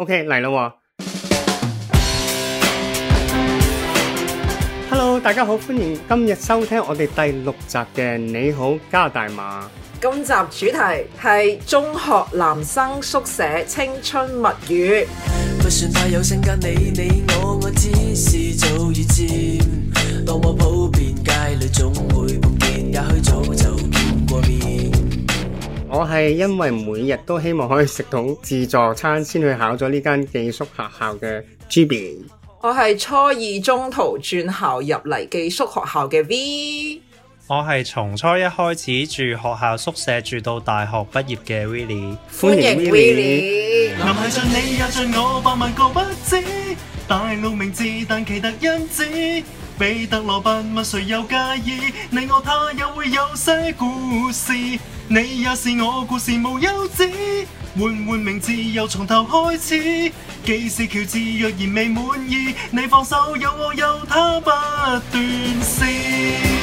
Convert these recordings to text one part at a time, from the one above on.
OK 嚟咯喎！Hello，大家好，歡迎今日收聽我哋第六集嘅你好加大碼。今集主題係中學男生宿舍青春物語。我係因為每日都希望可以食到自助餐，先去考咗呢間寄宿學校嘅 Giby。我係初二中途轉校入嚟寄宿學校嘅 Vee。我係從初一開始住學校宿舍住到大學畢業嘅 Willy。歡迎 Willy Will、嗯。彼得羅伯問誰又介意？你我他也會有些故事。你也是我故事無休止，換換名字又從頭開始。既是喬治，若然未滿意，你放手有我有他不斷試。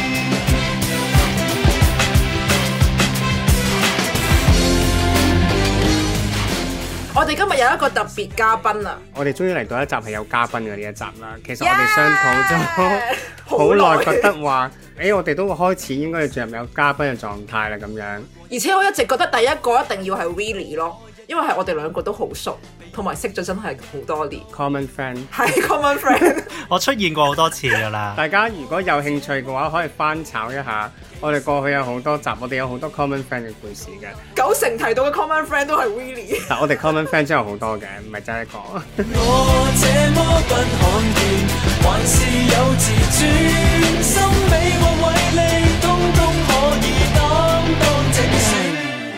有一個特別嘉賓啊！我哋終於嚟到一集係有嘉賓嘅呢一集啦。其實我哋商討咗好耐， 久覺得話，誒、欸，我哋都會開始應該要進入有嘉賓嘅狀態啦，咁樣。而且我一直覺得第一個一定要係 Willy 咯，因為係我哋兩個都好熟。同埋識咗真係好多年，common friend，係 common friend，我出現過好多次噶啦。大家如果有興趣嘅話，可以翻炒一下。我哋過去有好多集，我哋有好多 common friend 嘅故事嘅。九成提到嘅 common friend 都係 Willy。嗱，我哋 common friend 真係好多嘅，唔係真係講。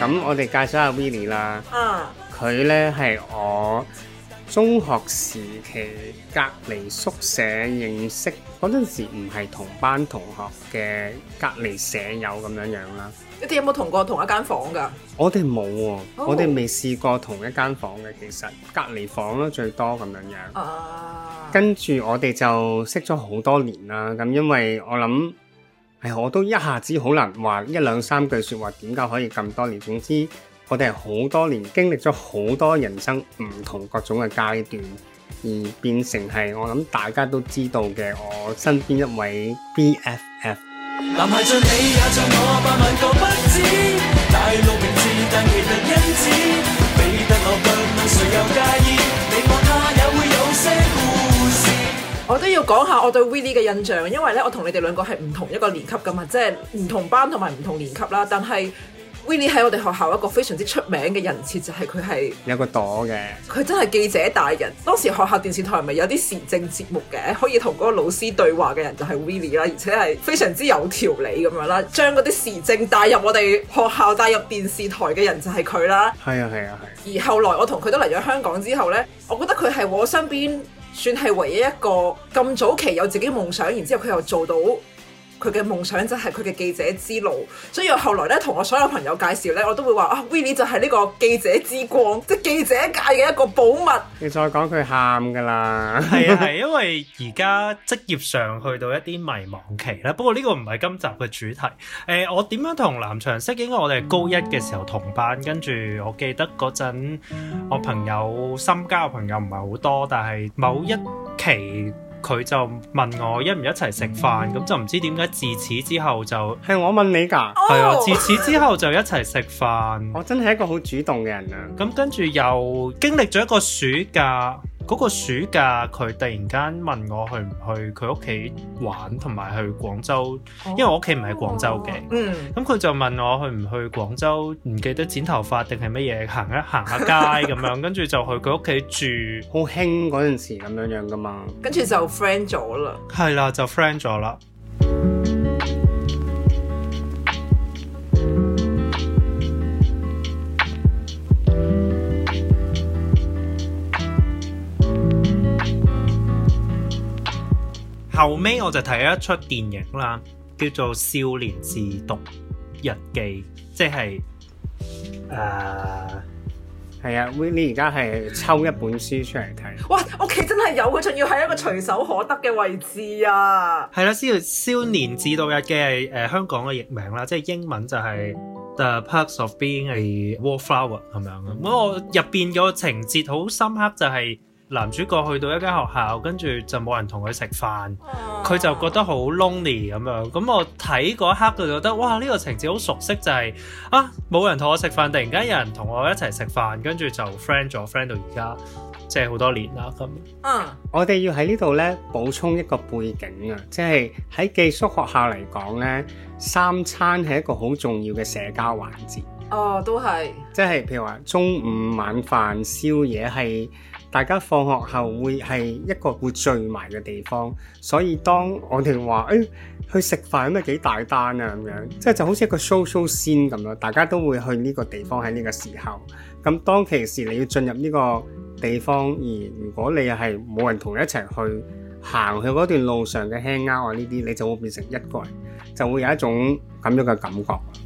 咁我哋介紹下 Willy 啦。嗯。佢呢係我中學時期隔離宿舍認識嗰陣時，唔係同班同學嘅隔離舍友咁樣樣啦。你哋有冇同過同一間房噶？我哋冇喎，oh. 我哋未試過同一間房嘅。其實隔離房咯，最多咁樣樣。Ah. 跟住我哋就識咗好多年啦。咁因為我諗，唉，我都一下子好難話一兩三句說話，點解可以咁多年？總之。我哋係好多年，經歷咗好多人生唔同各種嘅階段，而變成係我諗大家都知道嘅我身邊一位 BFF。男孩像你也像我，都要講下我對 Willy 嘅印象，因為咧我同你哋兩個係唔同一個年級噶嘛，即係唔同班同埋唔同年級啦，但係。Willy 喺我哋學校一個非常之出名嘅人設，就係佢係有個朵嘅，佢真係記者大人。當時學校電視台咪有啲時政節目嘅，可以同嗰個老師對話嘅人就係 Willy 啦，而且係非常之有條理咁樣啦，將嗰啲時政帶入我哋學校、帶入電視台嘅人就係佢啦。係啊係啊係。啊而後來我同佢都嚟咗香港之後呢，我覺得佢係我身邊算係唯一一個咁早期有自己夢想，然之後佢又做到。佢嘅夢想就係佢嘅記者之路，所以我後來咧同我所有朋友介紹咧，我都會話啊，Willy 就係呢個記者之光，即係記者界嘅一個寶物。你再講佢喊㗎啦，係啊係，因為而家職業上去到一啲迷茫期啦。不過呢個唔係今集嘅主題。誒、呃，我點樣同藍翔識？應該我哋係高一嘅時候同班，跟住我記得嗰陣我朋友深交嘅朋友唔係好多，但係某一期。佢就問我一唔一齊食飯，咁、嗯、就唔知點解自此之後就係我問你㗎，係啊， 自此之後就一齊食飯。 我真係一個好主動嘅人啊！咁跟住又經歷咗一個暑假。嗰個暑假，佢突然間問我去唔去佢屋企玩，同埋去廣州，哦、因為我屋企唔係廣州嘅、哦。嗯，咁佢就問我去唔去廣州，唔記得剪頭髮定係乜嘢，行一行下街咁樣， 跟住就去佢屋企住。好興嗰陣時咁樣樣㗎嘛，跟住就 friend 咗啦。係啦，就 friend 咗啦。後尾我就睇咗一出電影啦，叫做《少年自讀日記》，即係誒係啊 Willy 而家係抽一本書出嚟睇。哇！屋企真係有佢仲要喺一個隨手可得嘅位置啊！係啦、嗯，先、啊《少年自讀日記》係誒、呃、香港嘅譯名啦，即係英文就係、是、The Perks of Being 係 Wallflower 咁樣。咁、嗯、我入邊個情節好深刻，就係、是。男主角去到一間學校，跟住就冇人同佢食飯，佢、oh. 就覺得好 lonely 咁樣。咁我睇嗰一刻就覺得，哇！呢、這個情節好熟悉，就係、是、啊冇人同我食飯，突然間有人同我一齊食飯，跟住就 friend 咗 friend 到而家，即係好多年啦。咁，啊、uh，我哋要喺呢度呢補充一個背景啊，即係喺寄宿學校嚟講呢，三餐係一個好重要嘅社交環節。哦、oh，都係，即係譬如話中午、晚飯、宵夜係。大家放學後會係一個會聚埋嘅地方，所以當我哋話誒去食飯都啊幾大單啊咁樣，即係就好似一個 social scene 咁咯，大家都會去呢個地方喺呢個時候。咁當其時你要進入呢個地方，而如果你係冇人同你一齊去行去嗰段路上嘅傾偈啊呢啲，你就會變成一個人，就會有一種咁樣嘅感覺。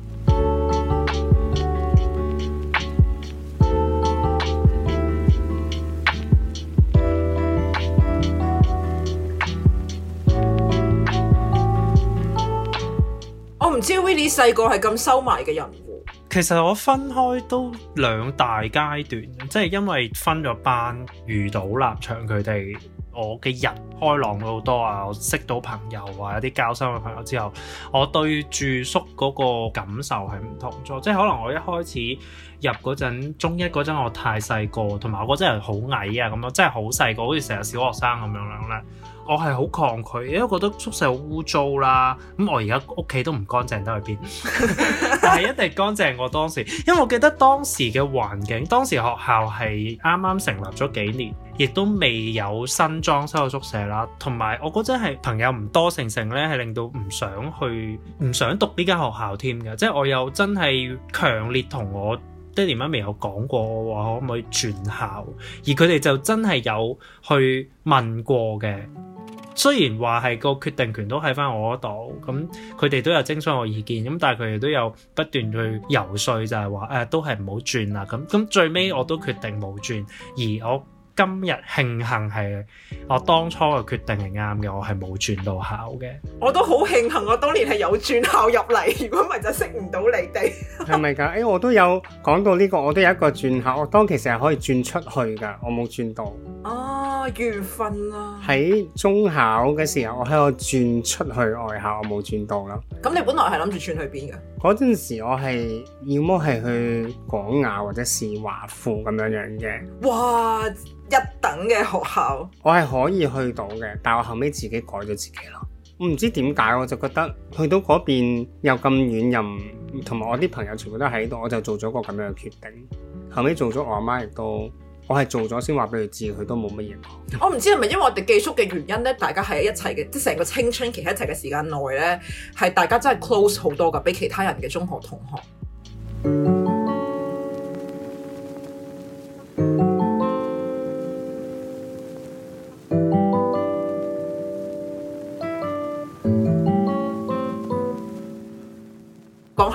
唔知 Willy 細個係咁收埋嘅人。其實我分開都兩大階段，即係因為分咗班遇到立場佢哋。我嘅人開朗好多啊！我識到朋友啊，有啲交心嘅朋友之後，我對住宿嗰個感受係唔同咗。即係可能我一開始入嗰陣，中一嗰陣我太細個，同埋我真係好矮啊，咁咯，真係好細個，好似成日小學生咁樣啦。我係好抗拒，因為覺得宿舍好污糟啦。咁我而家屋企都唔乾淨得去邊， 但係一定乾淨過當時，因為我記得當時嘅環境，當時學校係啱啱成立咗幾年。亦都未有新裝修嘅宿舍啦，同埋我嗰陣係朋友唔多，成成呢係令到唔想去，唔想讀呢間學校添㗎。即係我有真係強烈同我爹哋媽咪有講過，我話可唔可以轉校，而佢哋就真係有去問過嘅。雖然話係個決定權都喺翻我嗰度，咁佢哋都有徵詢我意見，咁但係佢哋都有不斷去游説就係、是、話，誒、呃、都係唔好轉啦。咁咁最尾我都決定冇轉，而我。今日慶幸係我當初嘅決定係啱嘅，我係冇轉到校嘅。我都好慶幸，我當年係有轉校入嚟，如果唔係就識唔到你哋。係咪㗎？誒，我都有講到呢個，我都有一個轉校。我當其實係可以轉出去㗎，我冇轉到。哦，緣分啦。喺中考嘅時候，我喺度轉出去外校，我冇轉到啦。咁你本來係諗住轉去邊㗎？嗰陣時我係要麼係去廣雅，或者係華附咁樣樣嘅。哇！一等嘅學校，我係可以去到嘅，但係我後尾自己改咗自己咯。我唔知點解，我就覺得去到嗰邊又咁遠，同埋我啲朋友全部都喺度，我就做咗個咁樣嘅決定。後尾做咗我阿媽亦都，我係做咗先話俾佢知，佢都冇乜嘢。我唔知係咪因為我哋寄宿嘅原因咧，大家喺一齊嘅，即係成個青春期喺一齊嘅時間內咧，係大家真係 close 好多噶，比其他人嘅中學同學。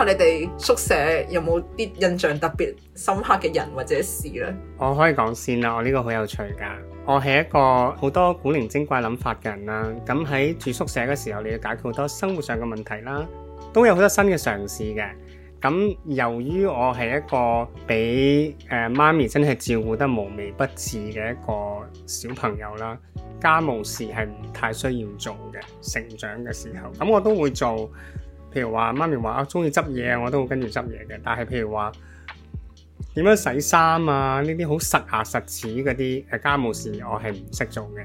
你哋宿舍有冇啲印象特別深刻嘅人或者事呢？我可以講先啦，我呢個好有趣㗎。我係一個好多古靈精怪諗法嘅人啦。咁喺住宿舍嘅時候，你要解決好多生活上嘅問題啦，都有好多新嘅嘗試嘅。咁由於我係一個畀誒媽咪真係照顧得無微不至嘅一個小朋友啦，家務事係唔太需要做嘅。成長嘅時候，咁我都會做。譬如話媽咪話啊，中意執嘢啊，我都會跟住執嘢嘅。但係譬如話點樣洗衫啊，呢啲好實下實事實牙實齒嗰啲誒家務事我，我係唔識做嘅。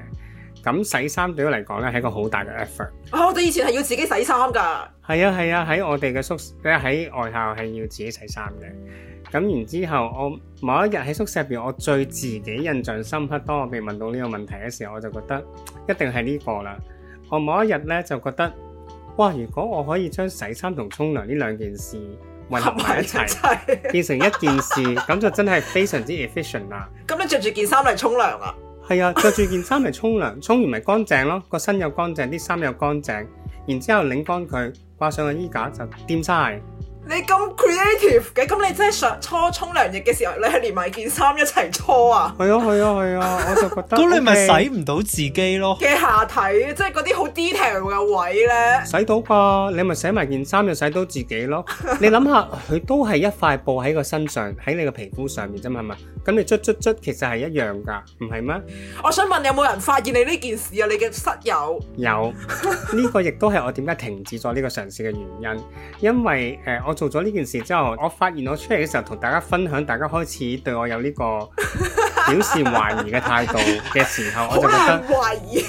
咁洗衫對我嚟講咧，係一個好大嘅 effort。我哋、哦、以前係要自己洗衫㗎。係啊係啊，喺、啊啊、我哋嘅宿舍，喺外校係要自己洗衫嘅。咁然之後，我某一日喺宿舍入邊，我最自己印象深刻。當我被問到呢個問題嘅時候，我就覺得一定係呢個啦。我某一日咧就覺得。哇！如果我可以將洗衫同沖涼呢兩件事混合埋一齊，變成一件事，咁 就真係非常之 efficient 啦。咁你着住件衫嚟沖涼啊？係啊，着住、啊、件衫嚟沖涼，沖完咪乾淨咯，個身又乾淨，啲衫又乾淨，然之後擰乾佢，掛上個衣架就掂晒。你咁 creative 嘅，咁你真係上初沖涼嘅時候，你係連埋件衫一齊搓啊？係啊，係啊，係啊，我就覺得。咁你咪洗唔到自己咯？嘅下體，即係嗰啲好 detail 嘅位咧，洗到啩？你咪洗埋件衫就洗到自己咯？你諗下，佢都係一塊布喺個身上，喺你個皮膚上面啫嘛，係咪？咁你捽捽捽，其實係一樣噶，唔係咩？我想問有冇人發現你呢件事啊？你嘅室友有呢個，亦都係我點解停止咗呢個嘗試嘅原因，因為誒我。我做咗呢件事之後，我發現我出嚟嘅時候同大家分享，大家開始對我有呢個表示懷疑嘅態度嘅時候，我就覺得懷疑。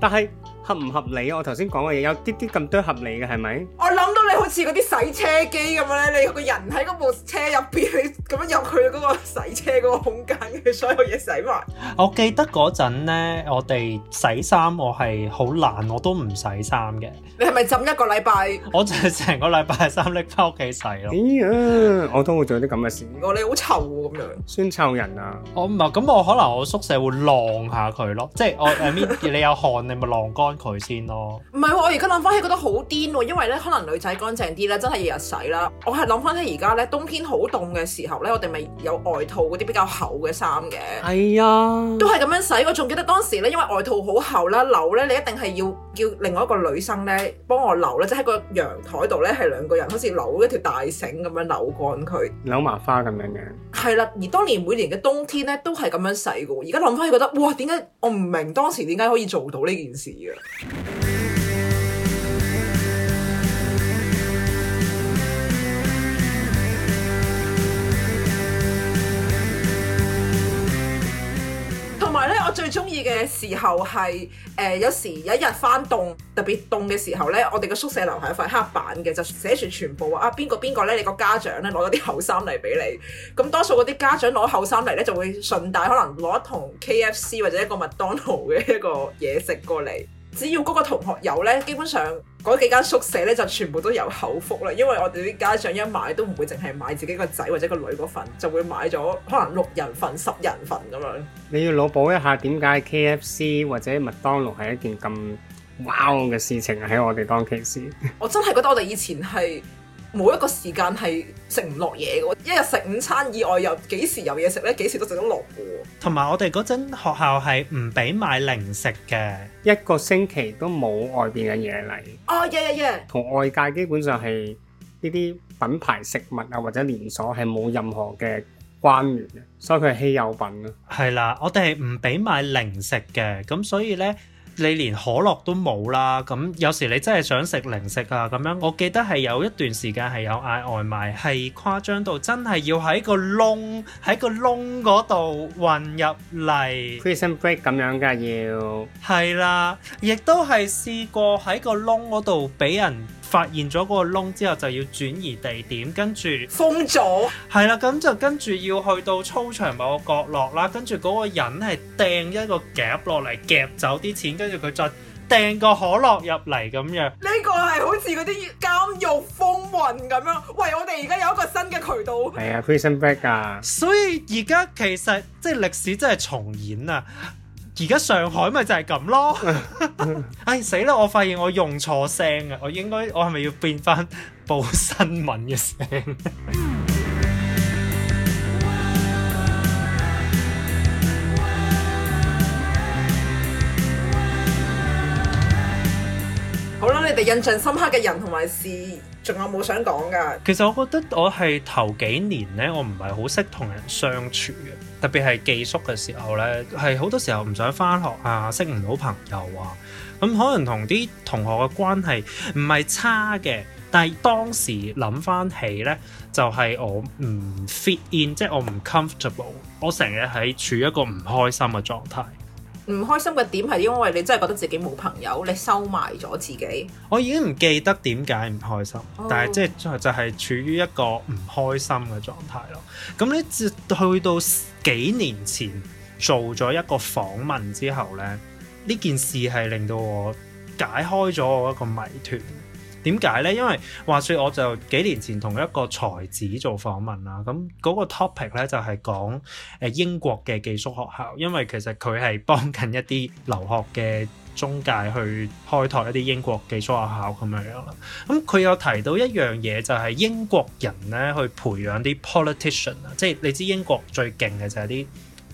但係合唔合理？我頭先講嘅嘢有啲啲咁多合理嘅係咪？我諗到。好似嗰啲洗車機咁樣咧，你個人喺嗰部車入邊，你咁樣入去嗰個洗車嗰個空間嘅所有嘢洗埋。我記得嗰陣咧，我哋洗衫我係好懶，我都唔洗衫嘅。你係咪浸一個禮拜？我就係成個禮拜嘅衫拎翻屋企洗咯。 哎呀，我都會做啲咁嘅事。我 你好臭喎、啊、咁樣。酸臭人啊！我唔係，咁我可能我宿舍會晾下佢咯。即係我阿 I mean, 你有汗你咪晾乾佢先咯。唔係喎，我而家諗翻起覺得好癲喎，因為咧可能女仔，乾淨啲咧，真係日日洗啦。我係諗翻起而家咧，冬天好凍嘅時候咧，我哋咪有外套嗰啲比較厚嘅衫嘅。係啊、哎呀，都係咁樣洗。我仲記得當時咧，因為外套好厚啦，扭咧你一定係要叫另外一個女生咧幫我扭。咧，即係喺個陽台度咧，係兩個人好似扭一條大繩咁樣扭乾佢，扭麻花咁樣嘅。係啦，而當年每年嘅冬天咧，都係咁樣洗嘅。而家諗翻起，覺得哇，點解我唔明當時點解可以做到呢件事嘅？中意嘅時候係誒、呃、有時有一日翻凍，特別凍嘅時候呢，我哋嘅宿舍樓係一塊黑板嘅，就寫住全部啊邊個邊個呢，你個家長呢，攞咗啲厚衫嚟俾你，咁多數嗰啲家長攞厚衫嚟呢，就會順帶可能攞一桶 KFC 或者一個麥當勞嘅一個嘢食過嚟。只要嗰個同學有呢，基本上嗰幾間宿舍呢，就全部都有口福啦。因為我哋啲家長一買都唔會淨係買自己個仔或者個女嗰份，就會買咗可能六人份、十人份咁樣。你要腦補一下點解 KFC 或者麥當勞係一件咁 wow 嘅事情喺我哋當其時？ 我真係覺得我哋以前係冇一個時間係食唔落嘢嘅，一日食午餐以外又幾時有嘢食呢？幾時都食得落嘅。同埋我哋嗰陣學校係唔俾買零食嘅。一個星期都冇外邊嘅嘢嚟，哦，耶耶耶，同外界基本上係呢啲品牌食物啊，或者連鎖係冇任何嘅關聯嘅，所以佢係稀有品咯。係啦，我哋係唔俾買零食嘅，咁所以呢。你連可樂都冇啦，咁有時你真係想食零食啊，咁樣。我記得係有一段時間係有嗌外賣，係誇張到真係要喺個窿喺個窿嗰度混入嚟 Crisp Bread 咁樣㗎要。係啦，亦都係試過喺個窿嗰度俾人。發現咗嗰個窿之後就要轉移地點，跟住封咗了。係啦，咁就跟住要去到操場某個角落啦，跟住嗰個人係掟一個夾落嚟夾走啲錢，跟住佢再掟個可樂入嚟咁樣。呢個係好似嗰啲監獄風雲咁樣。喂，我哋而家有一個新嘅渠道。係啊，Prison Break 啊。所以而家其實即係歷史真係重演啊！而家上海咪就係咁咯、。 哎！唉，死啦！我發現我用錯聲啊！我應該我係咪要變返報新聞嘅聲 ？好 啦樂，你哋印象深刻嘅人同埋事，仲有冇想講㗎？ 其實我覺得我係頭幾年咧，我唔係好識同人相處嘅。特別係寄宿嘅時候咧，係好多時候唔想翻學啊，識唔到朋友啊，咁可能同啲同學嘅關係唔係差嘅，但係當時諗翻起咧，就係、是、我唔 fit in，即係我唔 comfortable，我成日喺處一個唔開心嘅狀態。唔開心嘅點係因為你真係覺得自己冇朋友，你收埋咗自己。我已經唔記得點解唔開心，oh。但係即係就係、是就是、處於一個唔開心嘅狀態咯。咁你至去到。幾年前做咗一個訪問之後呢，呢件事係令到我解開咗我一個謎團。點解呢？因為話説我就幾年前同一個才子做訪問啦，咁嗰個 topic 呢，就係講英國嘅寄宿學校，因為其實佢係幫緊一啲留學嘅。中介去開拓一啲英國寄宿學校咁樣樣啦，咁佢有提到一樣嘢就係、是、英國人咧去培養啲 politician 啊，即係你知英國最勁嘅就係啲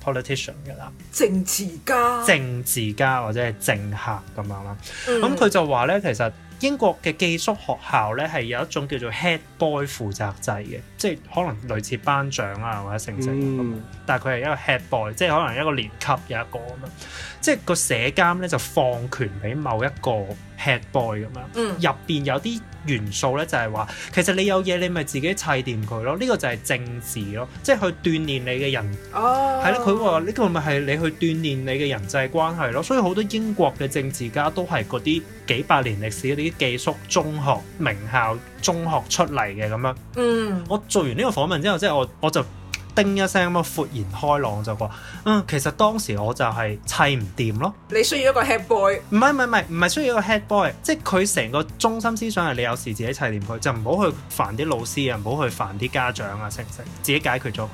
politician 噶啦，政治家，政治家或者係政客咁樣啦，咁佢、嗯、就話咧其實。英國嘅寄宿學校咧係有一種叫做 head boy 負責制嘅，即係可能類似班長啊或者成成咁，但係佢係一個 head boy，即係可能一個年級有一個咁樣，即係個社監咧就放權俾某一個。Headboy 咁樣，入邊有啲元素咧，就係話其實你有嘢，你咪自己砌掂佢咯。呢個就係政治咯，即係去鍛鍊你嘅人。哦，係咯，佢話呢個咪係你去鍛鍊你嘅人際關係咯。所以好多英國嘅政治家都係嗰啲幾百年歷史嗰啲寄宿中學名校中學出嚟嘅咁樣。嗯，我做完呢個訪問之後，即係我我就。叮一聲咁樣，豁然開朗就話：嗯，其實當時我就係砌唔掂咯。你需要一個 head boy，唔係唔係唔係，唔係需要一個 head boy，即係佢成個中心思想係你有時自己砌掂佢，就唔好去煩啲老師啊，唔好去煩啲家長啊，成唔成？自己解決咗佢。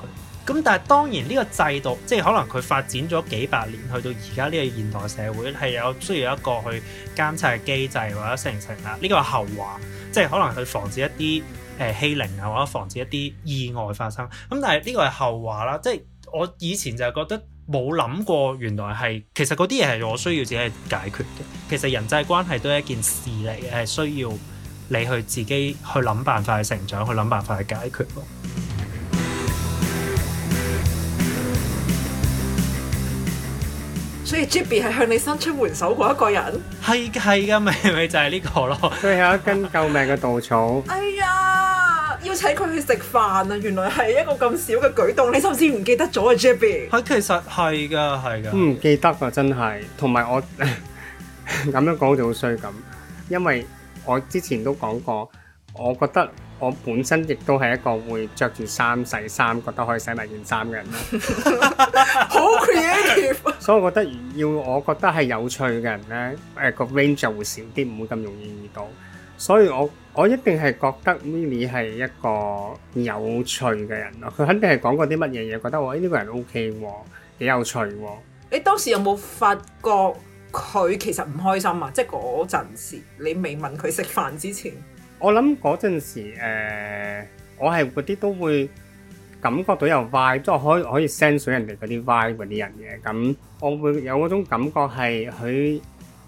咁但係當然呢個制度，即係可能佢發展咗幾百年，去到而家呢個現代社會係有需要一個去監察嘅機制，或者成唔成啊？呢、呢個係後話，即係可能去防止一啲。誒、呃、欺凌啊，或者防止一啲意外發生。咁、嗯、但係呢個係後話啦，即係我以前就係覺得冇諗過，原來係其實嗰啲嘢係我需要自己去解決嘅。其實人際關係都係一件事嚟嘅，係需要你去自己去諗辦法去成長，去諗辦法去解決咯。所以 Giby 係向你伸出援手嗰一個人，係係噶，咪咪就係呢個咯，佢係最後一根救命嘅稻草。 哎呀，邀請佢去食飯啊！原來係一個咁小嘅舉動，你甚至唔記得咗啊，Giby。佢其實係噶係噶，唔記得啊真係，同埋我咁樣講就好衰咁，因為我之前都講過，我覺得。我本身亦都係一個會着住衫洗衫，覺得可以洗埋件衫嘅人，好 creative。所以我覺得要，我覺得係有趣嘅人呢，誒個 range 就會少啲，唔會咁容易遇到。所以我我一定係覺得 m i l l 係一個有趣嘅人咯。佢肯定係講過啲乜嘢嘢，覺得呢、哎這個人 OK 喎，幾有趣喎。你當時有冇發覺佢其實唔開心啊？即係嗰陣時，你未問佢食飯之前。我諗嗰陣時，呃，我係嗰啲都會感覺到有 vibe 即係可可以 sense 人哋嗰啲 vibe 嗰啲人嘅。咁我會有嗰種感覺係佢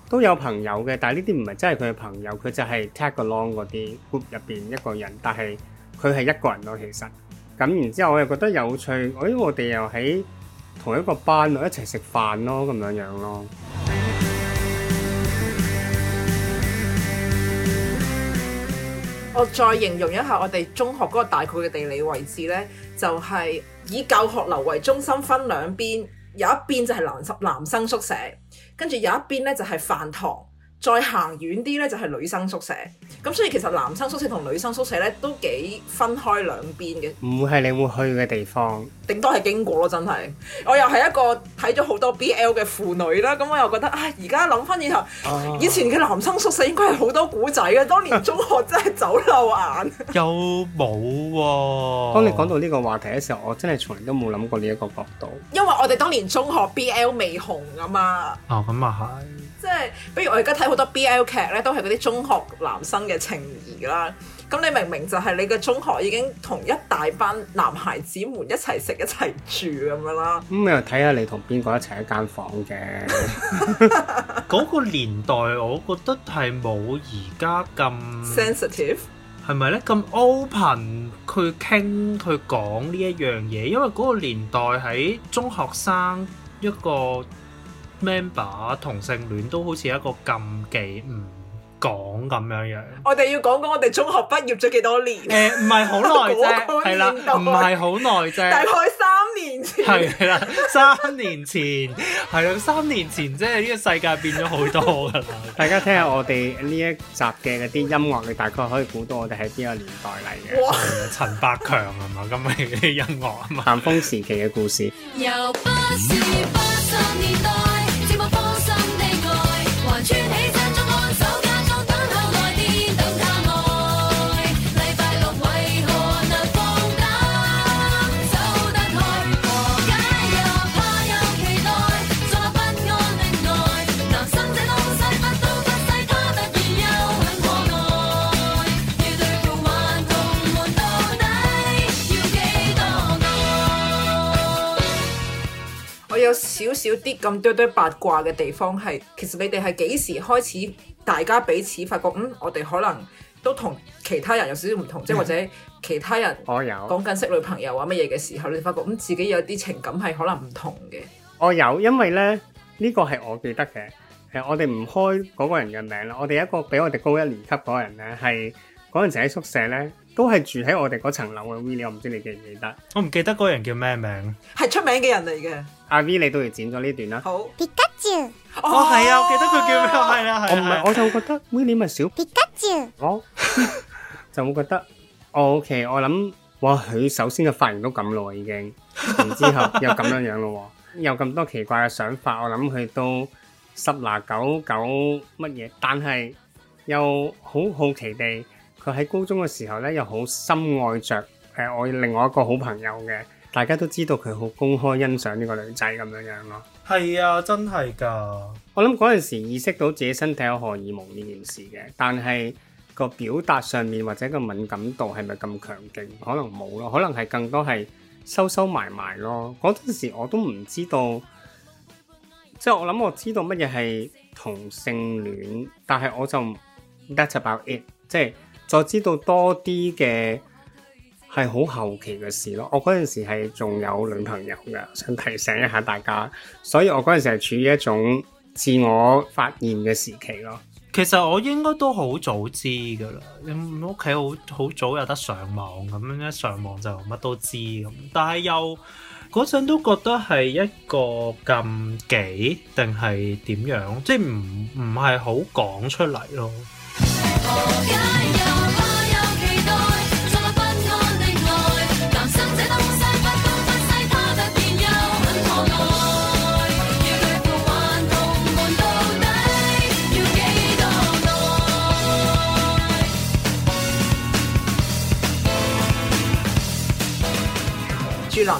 都有朋友嘅，但係呢啲唔係真係佢嘅朋友，佢就係 tag along 嗰啲 group 入邊一個人，但係佢係一個人咯。其實，咁然之後我又覺得有趣，誒、哎，我哋又喺同一個班一齊食飯咯，咁樣樣咯。我再形容一下我哋中學嗰個大概嘅地理位置咧，就係、是、以教學樓為中心，分兩邊，有一邊就係男男生宿舍，跟住有一邊咧就係、是、飯堂。再行遠啲呢，就係女生宿舍。咁所以其實男生宿舍同女生宿舍呢，都幾分開兩邊嘅，唔會係你會去嘅地方，頂多係經過咯。真係，我又係一個睇咗好多 BL 嘅婦女啦。咁、嗯、我又覺得啊，而家諗翻以後，啊、以前嘅男生宿舍應該係好多古仔嘅。當年中學真係走漏眼，又冇喎。當你講到呢個話題嘅時候，我真係從來都冇諗過呢一個角度，因為我哋當年中學 BL 未紅啊嘛。咁啊係。即係，比如我而家睇好多 BL 劇咧，都係嗰啲中學男生嘅情誼啦。咁你明明就係你嘅中學已經同一大班男孩子們一齊食一齊住咁樣啦。咁、嗯、你又睇下你同邊個一齊一間房嘅。嗰 個年代我覺得係冇而家咁 sensitive，係咪咧？咁 S ensitive? open 佢傾佢講呢一樣嘢，因為嗰個年代喺中學生一個。Member 同性戀都好似一個禁忌，唔、嗯、講咁樣樣。我哋要講講我哋中學畢業咗幾多年？誒、欸，唔係好耐啫，係 啦，唔係好耐啫。大概三年前。係 啦，三年前，係 啦，三年前，即係呢個世界變咗好多㗎啦。大家聽下我哋呢一集嘅嗰啲音樂，你 大概可以估到我哋喺邊個年代嚟嘅。哇、嗯！陳百強係嘛，咁嘅音樂是是，咸豐時期嘅故事。 有少少啲咁多堆八卦嘅地方係，其實你哋係幾時開始，大家彼此發覺，嗯，我哋可能都同其他人有少少唔同，即係、嗯、或者其他人，我有講緊識女朋友啊乜嘢嘅時候，你發覺咁、嗯、自己有啲情感係可能唔同嘅。我有，因為咧呢、這個係我記得嘅，係我哋唔開嗰個人嘅名啦。我哋一個比我哋高一年級嗰個人咧，係嗰陣時喺宿舍咧，都係住喺我哋嗰層樓嘅。Vee，唔知你記唔記得？我唔記得嗰人叫咩名，係出名嘅人嚟嘅。阿 V 你都要剪咗呢段啦。好。皮卡丘。哦，係啊，哦，我記得佢叫咩啊？係啦，啊，係、啊。啊、我唔係，我就覺得，喂，你咪小。皮卡丘。我。就會覺得，我 OK，我諗，哇，佢首先嘅髮型都咁咯，已經，然之後又咁樣樣咯， 有咁多奇怪嘅想法，我諗佢都十拿九九乜嘢，但係又好好奇地，佢喺高中嘅時候咧，又好深愛着誒，我、呃、另外一個好朋友嘅。大家都知道佢好公開欣賞呢個女仔咁樣樣咯，係啊，真係㗎！我諗嗰陣時意識到自己身體有荷爾蒙呢件事嘅，但係個表達上面或者個敏感度係咪咁強勁，可能冇咯，可能係更多係收收埋埋咯。嗰陣時我都唔知道，即係我諗我知道乜嘢係同性戀，但係我就 that's about it，即係再知道多啲嘅。係好後期嘅事咯，我嗰陣時係仲有女朋友嘅，想提醒一下大家，所以我嗰陣時係處於一種自我發現嘅時期咯。其實我應該都好早知噶啦，屋企好好早有得上網，咁樣一上網就乜都知。咁但係又嗰陣都覺得係一個禁忌，定係點樣？即係唔唔係好講出嚟咯。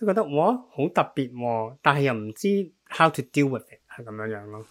即係覺得，哇，好特別喎哦！但係又唔知 how to deal with it，係咁樣樣咯。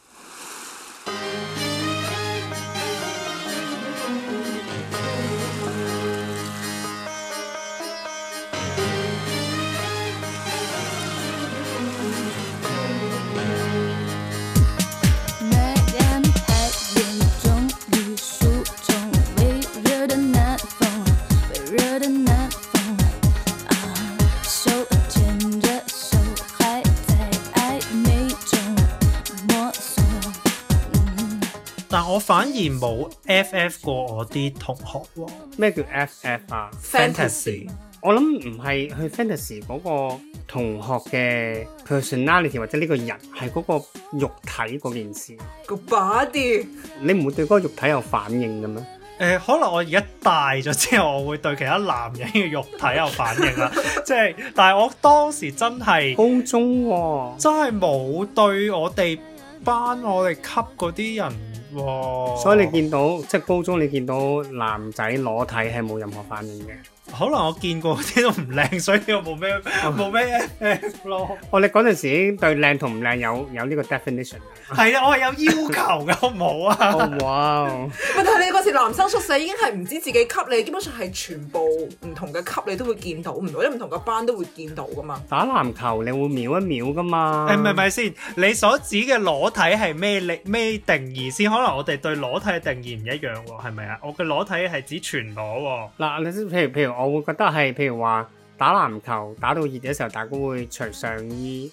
反而冇 F.F. 過我啲同學喎、哦。咩叫 F.F. 啊？Fantasy。我諗唔係去 Fantasy 嗰個同學嘅 Personality，或者呢個人係嗰個肉體嗰件事個 The body。你唔會對嗰個肉體有反應嘅咩？誒、欸，可能我而家大咗之後，我會對其他男人嘅肉體有反應啦。即係、 就是，但係我當時真係高中、哦、真係冇對我哋班我哋級嗰啲人。Oh. 所以你見到，即係高中你見到男仔裸體係冇任何反應嘅？可能我見過啲都唔靚，所以我冇咩冇咩誒咯。哦 Okay.，你嗰陣時已經對靚同唔靚有有呢個 definition？係啊，我係有要求嘅，好唔好啊？哇！問題你嗰時男生宿舍已經係唔止自己級你，基本上係全部唔同嘅級你都會見到，唔到即唔同嘅班都會見到㗎嘛。打籃球你會瞄一秒㗎嘛？誒、欸，唔係唔係先，你所指嘅裸體係咩定咩定義先？可能我哋對裸體嘅定義唔一樣喎，係咪啊？我嘅裸體係指全裸喎。嗱，你先譬如譬如我會覺得係，譬如話打籃球打到熱嘅時候，大哥會除上衣，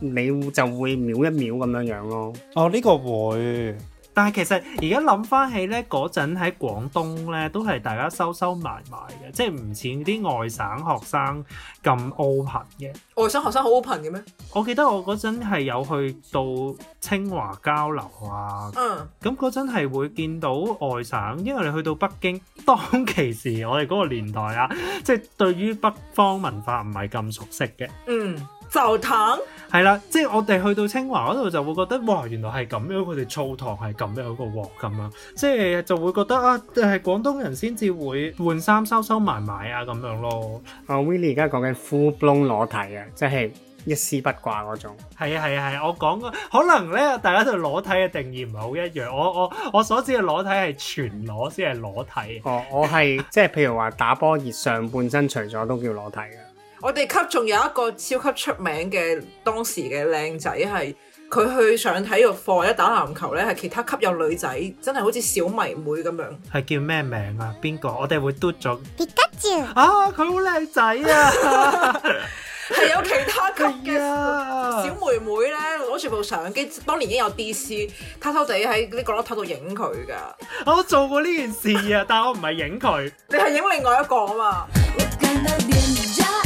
你就會瞄一瞄咁樣樣咯。哦，呢、這個會。但係其實而家諗翻起咧，嗰陣喺廣東咧，都係大家收收埋埋嘅，即係唔似啲外省學生咁 open 嘅。外省學生好 open 嘅咩？我記得我嗰陣係有去到清華交流啊。嗯。咁嗰陣係會見到外省，因為你去到北京，當其時我哋嗰個年代啊，即係對於北方文化唔係咁熟悉嘅。嗯。就堂係啦，即係我哋去到清華嗰度就會覺得哇，原來係咁樣，佢哋澡堂係咁樣一個鑊咁樣，即係就會覺得啊，即係廣東人先至會換衫收收埋埋啊咁樣咯。阿 Willy 而家講緊 full blown 裸體啊，即係一絲不掛嗰種。係啊係啊係，我講可能咧，大家對裸體嘅定義唔係好一樣。我我我所指嘅裸體係全裸先係裸體。哦，我係 即係譬如話打波熱上半身除咗都叫裸體嘅。我哋級仲有一個超級出名嘅當時嘅靚仔係，佢去上體育課一打籃球咧，係其他級有女仔真係好似小迷妹咁樣。係叫咩名啊？邊個？我哋會嘟咗。別格住。啊！佢好靚仔啊！係 有其他級嘅小妹妹咧，攞住、 啊、部相機，當年已經有 DC，偷偷地喺啲角落頭度影佢噶。我做過呢件事啊， 但係我唔係影佢，你係影另外一個啊嘛。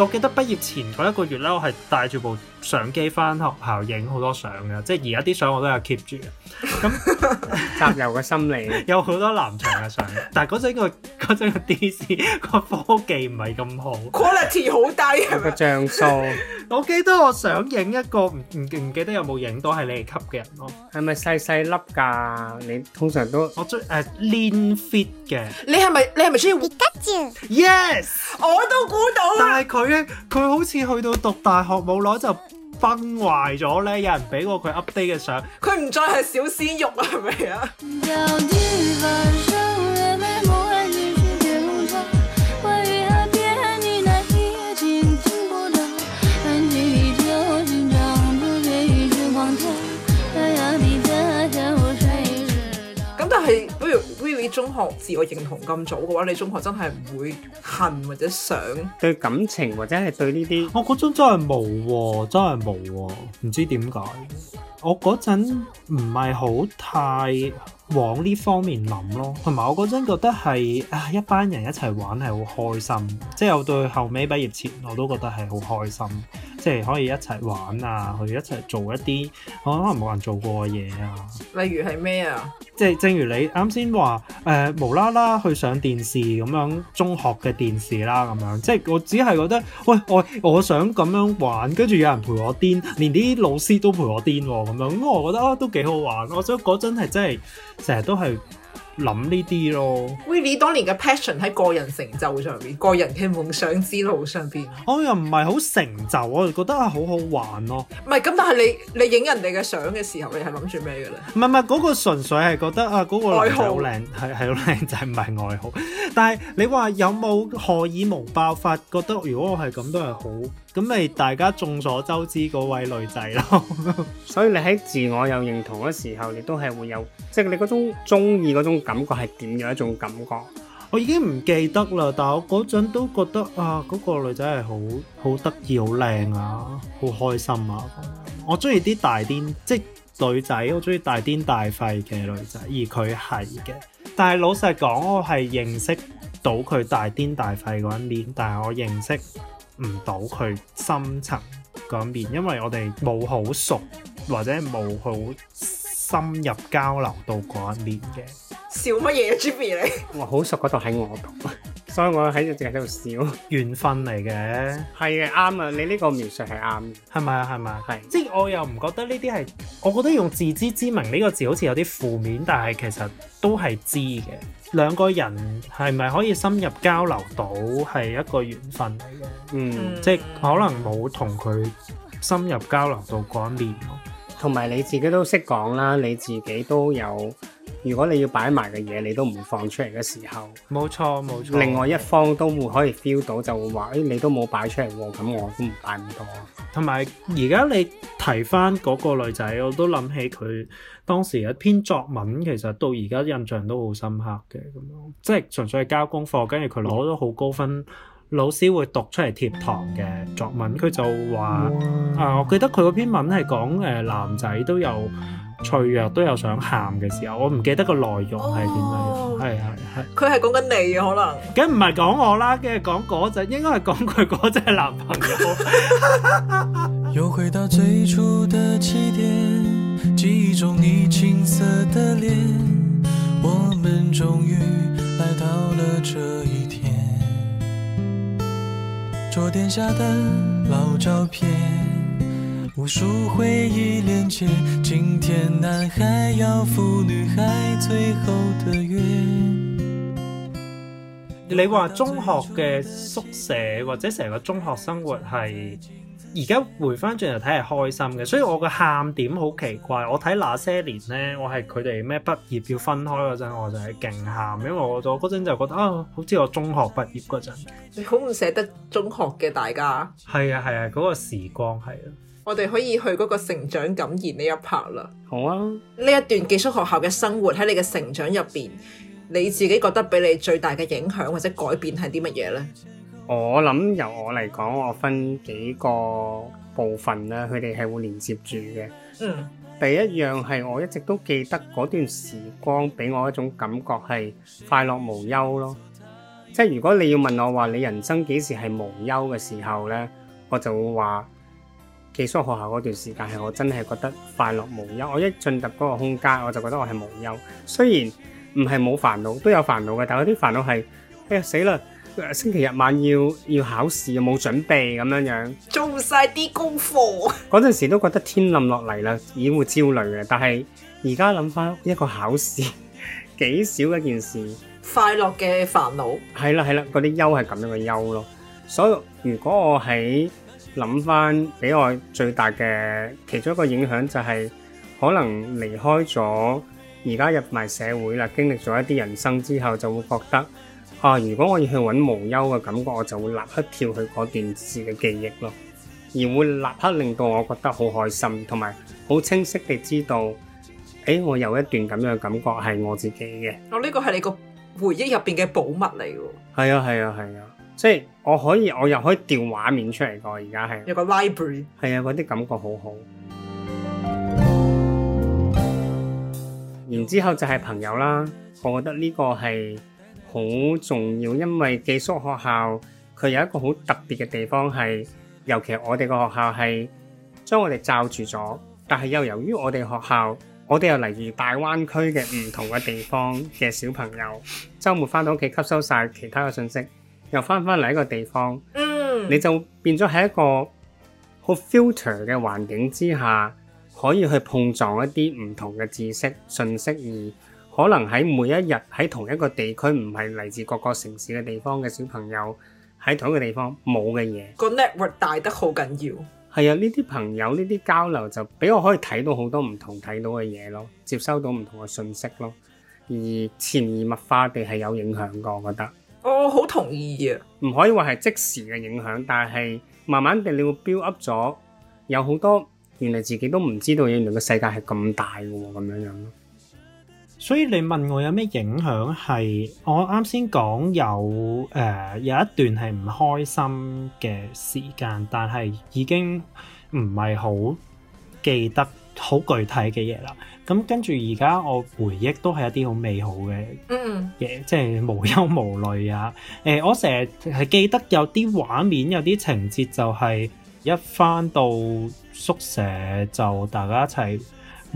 我記得畢業前嗰一個月咧，我係帶住部相機返學校影好多相嘅，即係而家啲相我都有 keep 住嘅。咁集郵嘅心理，有好多男蟲嘅相，但係嗰陣個嗰陣個 D.C. 個科技唔係咁好，quality 好低啊個像素。我記得我想影一個唔，唔，唔記得有冇影到係你哋級嘅人咯。係咪細細粒㗎？你通常都我鍾意，誒，lean fit。Yeah. 你係咪你係咪需要？Yes，我都估到。但係佢佢好似去到讀大學冇耐就崩壞咗咧，有人俾過佢 update 嘅相，佢唔再係小鮮肉啊，係咪啊？ 中學自我認同咁早嘅話，你中學真係唔會恨或者想對感情或者係對呢啲、啊啊，我嗰陣真係冇喎，真係冇喎，唔知點解。我嗰陣唔係好太往呢方面諗咯，同埋我嗰陣覺得係啊一班人一齊玩係好開心，即係我對後尾畢業前我都覺得係好開心。即係可以一齊玩啊，去一齊做一啲、啊、可能冇人做過嘅嘢啊。例如係咩啊？即係正如你啱先話，誒、呃、無啦啦去上電視咁樣，中學嘅電視啦咁樣。即係我只係覺得，喂，我我想咁樣玩，跟住有人陪我癲，連啲老師都陪我癲喎咁樣。咁我覺得、啊、都幾好玩、啊。我想嗰陣係真係成日都係。諗呢啲咯，Willy，really，當年嘅 passion 喺個人成就上邊，個人嘅夢想之路上邊。我又唔係好成就，我又覺得係好好玩咯、啊。唔係咁，但係你你影人哋嘅相嘅時候，你係諗住咩嘅咧？唔係唔係，嗰、那個純粹係覺得啊，嗰、那個男仔好靚，係係好靚仔，唔係外號。但係你話有冇荷爾蒙爆發？覺得如果我係咁，都係好。咁咪大家眾所周知嗰位女仔咯，所以你喺自我有認同嘅時候，你都係會有，即係你嗰種中意嗰種感覺係點樣一種感覺？我已經唔記得啦，但係我嗰陣都覺得啊，嗰個女仔係好好得意、好靚啊，好開心啊！我中意啲大癲，即女仔，我中意大癲大肺嘅女仔，而佢係嘅。但係老實講，我係認識到佢大癲大肺嗰一面，但係我認識唔到佢深層嗰面，因為我哋冇好熟，或者冇好深入交流到嗰一面嘅。笑乜嘢啊，Giby 你？我好熟嗰度喺我度， 所以我喺度淨係喺度笑。緣分嚟嘅，係嘅啱啊！你呢個描述係啱嘅。係咪啊？係咪啊？係。即係我又唔覺得呢啲係，我覺得用自知之明呢個字好似有啲負面，但係其實都係知嘅。兩個人係咪可以深入交流到係一個緣分嚟嘅？係嗯，即係可能冇同佢深入交流到嗰一面咯。同埋你自己都識講啦，你自己都有。如果你要擺埋嘅嘢，你都唔放出嚟嘅時候，冇錯冇錯。錯另外一方都會可以 feel 到，就會話，誒、嗯哎、你都冇擺出嚟喎，咁我都唔擺唔到。」同埋而家你提翻嗰個女仔，我都諗起佢。當時一篇作文其實到而家印象都好深刻嘅，咁即係純粹係交功課，跟住佢攞咗好高分，老師會讀出嚟貼堂嘅作文，佢就話哇啊，我記得佢嗰篇文係講誒男仔都有脆弱，都有想喊嘅時候，我唔記得個內容係點樣，係係係。佢係講緊你可能，梗唔係講我啦，梗係講嗰陣應該係講佢嗰隻男朋友。又回到最初中你話 中學嘅宿舍或者成個中學生活係？而家回翻轉頭睇係開心嘅，所以我嘅喊點好奇怪。我睇那些年呢，我係佢哋咩畢業要分開嗰陣，我就係勁喊，因為我嗰陣就覺得啊，好似我中學畢業嗰陣，你好唔捨得中學嘅大家。係啊係啊，嗰、啊那個時光係啊。我哋可以去嗰個成長感言呢一 part 啦。好啊。呢一段寄宿學校嘅生活喺你嘅成長入邊，你自己覺得俾你最大嘅影響或者改變係啲乜嘢呢？我諗由我嚟講，我分幾個部分咧，佢哋係會連接住嘅。嗯，第一樣係我一直都記得嗰段時光，俾我一種感覺係快樂無憂咯。即係如果你要問我話，你人生幾時係無憂嘅時候咧？我就會話寄宿學校嗰段時間係我真係覺得快樂無憂。我一進入嗰個空間，我就覺得我係無憂。雖然唔係冇煩惱，都有煩惱嘅，但係嗰啲煩惱係哎呀死啦！星期日晚要要考試，又冇準備咁樣樣，做晒啲功課。嗰陣時都覺得天冧落嚟啦，已經會焦慮嘅。但係而家諗翻一個考試，幾少一件事？快樂嘅煩惱，係啦，係啦，嗰啲憂係咁樣嘅憂咯。所以如果我喺諗翻，俾我最大嘅其中一個影響就係可能離開咗而家入埋社會啦，經歷咗一啲人生之後，就會覺得。啊！如果我要去搵無憂嘅感覺，我就會立刻跳去嗰段時嘅記憶咯，而會立刻令到我覺得好開心，同埋好清晰地知道，誒、欸，我有一段咁樣嘅感覺係我自己嘅。哦，呢個係你個回憶入邊嘅寶物嚟嘅。係啊，係啊，係啊，即係、啊、我可以，我又可以調畫面出嚟㗎，而家係有個 Library。係啊，嗰啲感覺好好。嗯、然之後就係朋友啦，我覺得呢個係。好重要，因為寄宿學校佢有一個好特別嘅地方係尤其我哋個學校係將我哋罩住咗，但係又由於我哋學校，我哋又嚟自大灣區嘅唔同嘅地方嘅小朋友，周末翻到屋企吸收晒其他嘅信息，又翻返嚟一個地方，嗯，你就變咗喺一個好 filter 嘅環境之下，可以去碰撞一啲唔同嘅知識信息而。可能喺每一日喺同一個地區，唔係嚟自各個城市嘅地方嘅小朋友喺同一個地方冇嘅嘢，個 network 大得好緊要。係啊，呢啲朋友呢啲交流就俾我可以睇到好多唔同睇到嘅嘢咯，接收到唔同嘅信息咯，而潛移默化地係有影響嘅，我覺得。我好同意啊，唔可以話係即時嘅影響，但係慢慢地你會 build up 咗，有好多原來自己都唔知道，原來個世界係咁大嘅，咁樣樣咯。所以你問我有咩影響係，我啱先講有誒、呃、有一段係唔開心嘅時間，但係已經唔係好記得好具體嘅嘢啦。咁跟住而家我回憶都係一啲好美好嘅嘢，嗯嗯，即係無憂無慮啊。誒、呃，我成日係記得有啲畫面，有啲情節就係一返到宿舍就大家一齊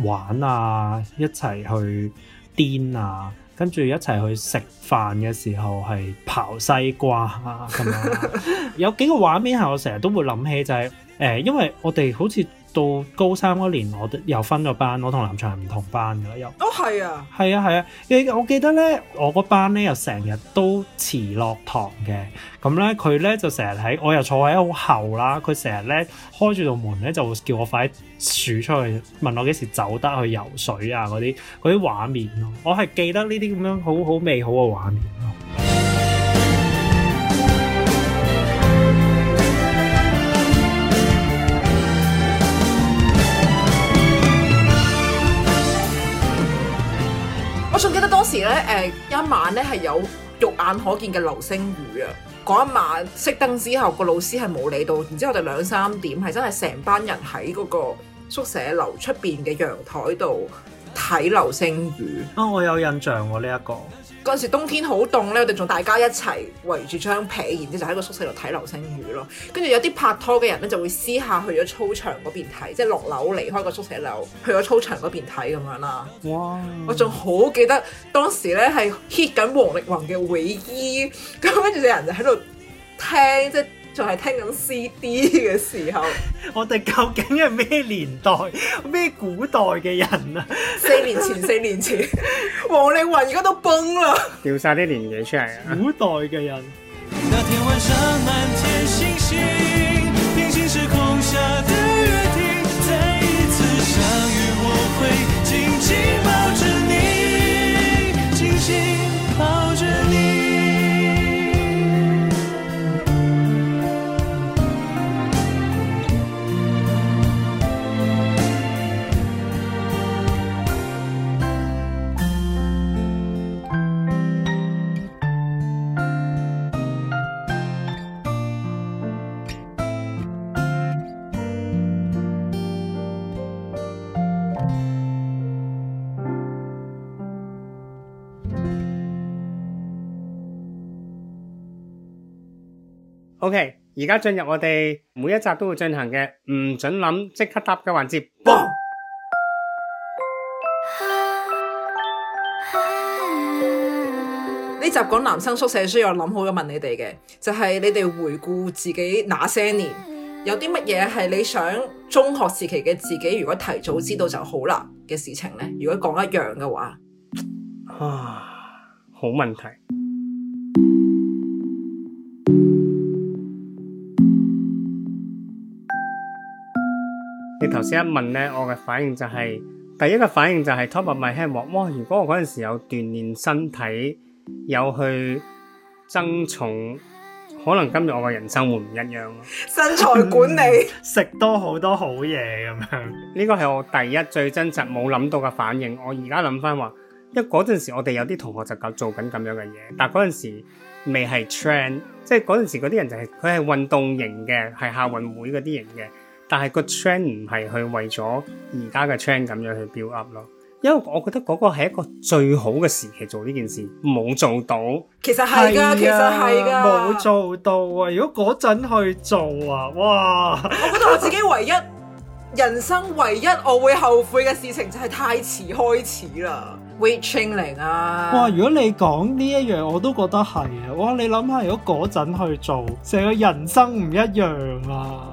玩啊，一齊去。癲啊！跟住一齊去食飯嘅時候係刨西瓜啊咁樣， 有幾個畫面係我成日都會諗起就係、是、誒、哎，因為我哋好似。到高三嗰年，我哋又分咗班，我同藍翔係唔同班噶啦，又哦係啊，係啊係啊，我記得咧，我嗰班咧又成日都遲落堂嘅，咁咧佢咧就成日喺，我又坐喺屋後啦，佢成日咧開住道門咧就會叫我快啲竄出去，問我幾時走得去游水啊，嗰啲嗰啲畫面咯，我係記得呢啲咁樣好好美好嘅畫面咯。時咧，誒、呃，一晚咧係有肉眼可見嘅流星雨啊！嗰一晚熄燈之後，個老師係冇理到，然之後我哋兩三點係真係成班人喺嗰個宿舍樓出邊嘅陽台度睇流星雨啊、哦！我有印象呢、啊、一、這個。嗰陣時冬天好凍咧，我哋仲大家一齊圍住張被，然之後就喺個宿舍度睇流星雨咯。跟住有啲拍拖嘅人咧，就會私下去咗操場嗰邊睇，即係落樓離開個宿舍樓，去咗操場嗰邊睇咁樣啦。哇！Wow. 我仲好記得當時咧係 hit 緊王力宏嘅《唯一》。咁樣就啲人喺度聽，即係。就係聽緊 CD 嘅時候， 我哋究竟係咩年代、咩 古代嘅人啊？ 四年前，四年前， 王力宏而家都崩啦，掉晒啲年紀出嚟， 古代嘅人。那天晚上 OK，而家進入我哋每一集都會進行嘅唔准諗即刻答嘅環節。呢集講男生宿舍需要諗好，咁問你哋嘅，就係、是、你哋回顧自己那些年，有啲乜嘢係你想中學時期嘅自己如果提早知道就好啦嘅事情呢？如果講一樣嘅話，啊，好問題。頭先一問咧，我嘅反應就係、是、第一個反應就係 top of my head，哇！如果我嗰陣時有鍛鍊身體，有去增重，可能今日我嘅人生會唔一樣咯。身材管理， 食多好多好嘢咁樣。呢 個係我第一最真實冇諗到嘅反應。我而家諗翻話，因為嗰陣時我哋有啲同學就做緊咁樣嘅嘢，但嗰陣時未係 train，即係嗰陣啲人就係佢係運動型嘅，係校運會啲型嘅。但係個 trend 唔係去為咗而家嘅 trend 咁樣去 build up 咯，因為我覺得嗰個係一個最好嘅時期做呢件事，冇做到。其實係噶，的其實係噶，冇做到啊！如果嗰陣去做啊，哇！我覺得我自己唯一 人生唯一我會後悔嘅事情就係太遲開始啦。We training 啊！哇！如果你講呢一樣，我都覺得係啊！哇！你諗下，如果嗰陣去做，成個人生唔一樣啊！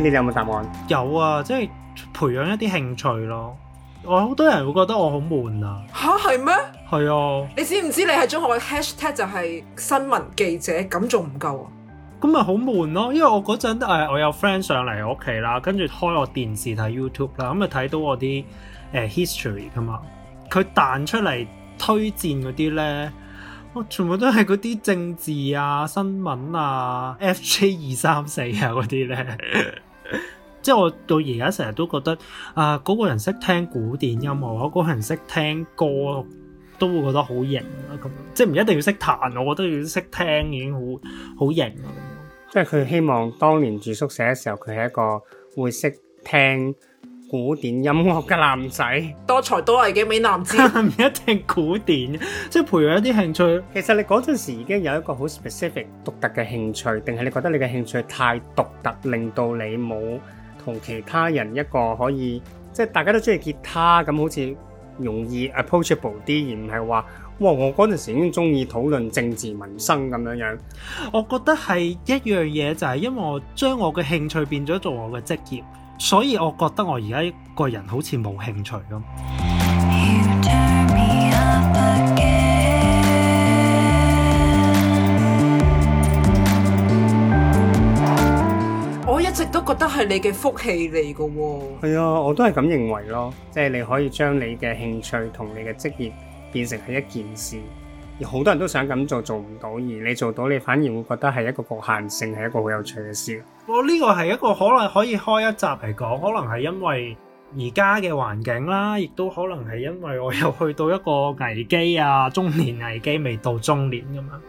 你有冇答案？有啊，即係培養一啲興趣咯。我好多人會覺得我好悶啊。吓係咩？係啊。你知唔知你喺中學嘅 hashtag 就係新聞記者咁，仲唔夠啊？咁咪好悶咯，因為我嗰陣誒，我有 friend 上嚟我屋企啦，跟住開我電視睇 YouTube 啦，咁咪睇到我啲誒、呃、history 噶嘛。佢彈出嚟推薦嗰啲咧。我全部都係嗰啲政治啊、新聞啊、FJ 二三四啊嗰啲咧，呢 即係我到而家成日都覺得啊，嗰、呃嗰個人識聽古典音樂，嗰、嗰個人識聽歌，都會覺得好型啊咁。即係唔一定要識彈，我覺得要識聽已經好好型。即係佢希望當年住宿舍嘅時候，佢係一個會識聽。古典音樂嘅男仔，多才多藝嘅美男子， 唔一定古典，即係培養一啲興趣。 其實你嗰陣時已經有一個好 specific 獨特嘅興趣，定係你覺得你嘅興趣太獨特，令到你冇同其他人一個可以，即係大家都中意吉他咁，好似容易 approachable 啲，而唔係話哇我嗰陣時已經中意討論政治民生咁樣樣？我覺得係一樣嘢，就係、係、因為我將我嘅興趣變咗做我嘅職業。所以我覺得我而家個人好似冇興趣咁。我一直都覺得係你嘅福氣嚟嘅喎。係 啊樂，我都係咁認為咯，即係你可以將你嘅興趣同你嘅職業變成係一件事。好多人都想咁做，做唔到，而你做到，你反而會覺得係一個局限性，係一個好有趣嘅事。我呢個係一個可能可以開一集嚟講，可能係因為而家嘅環境啦，亦都可能係因為我又去到一個危機啊，中年危機未到中年啊嘛。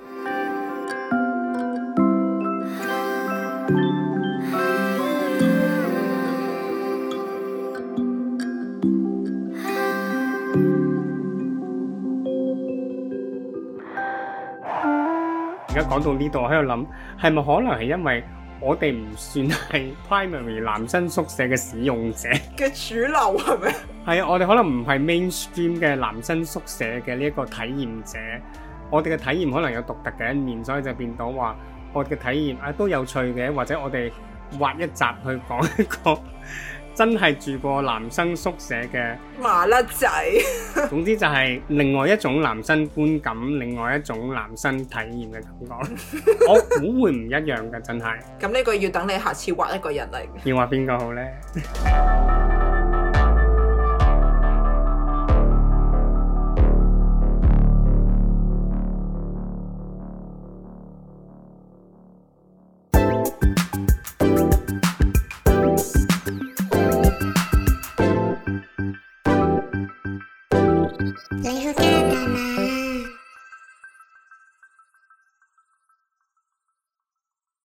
講到呢度，我喺度諗，係咪可能係因為我哋唔算係 primary 男生宿舍嘅使用者嘅主流係咪？係啊，我哋可能唔係 mainstream 嘅男生宿舍嘅呢一個體驗者，我哋嘅體驗可能有獨特嘅一面，所以就變到話我哋嘅體驗啊都有趣嘅，或者我哋挖一集去講一個。真係住過男生宿舍嘅麻甩仔，總之就係另外一種男生觀感，另外一種男生體驗嘅感覺， 我估會唔一樣嘅，真係。咁呢個要等你下次畫一個人嚟，要畫邊個好呢？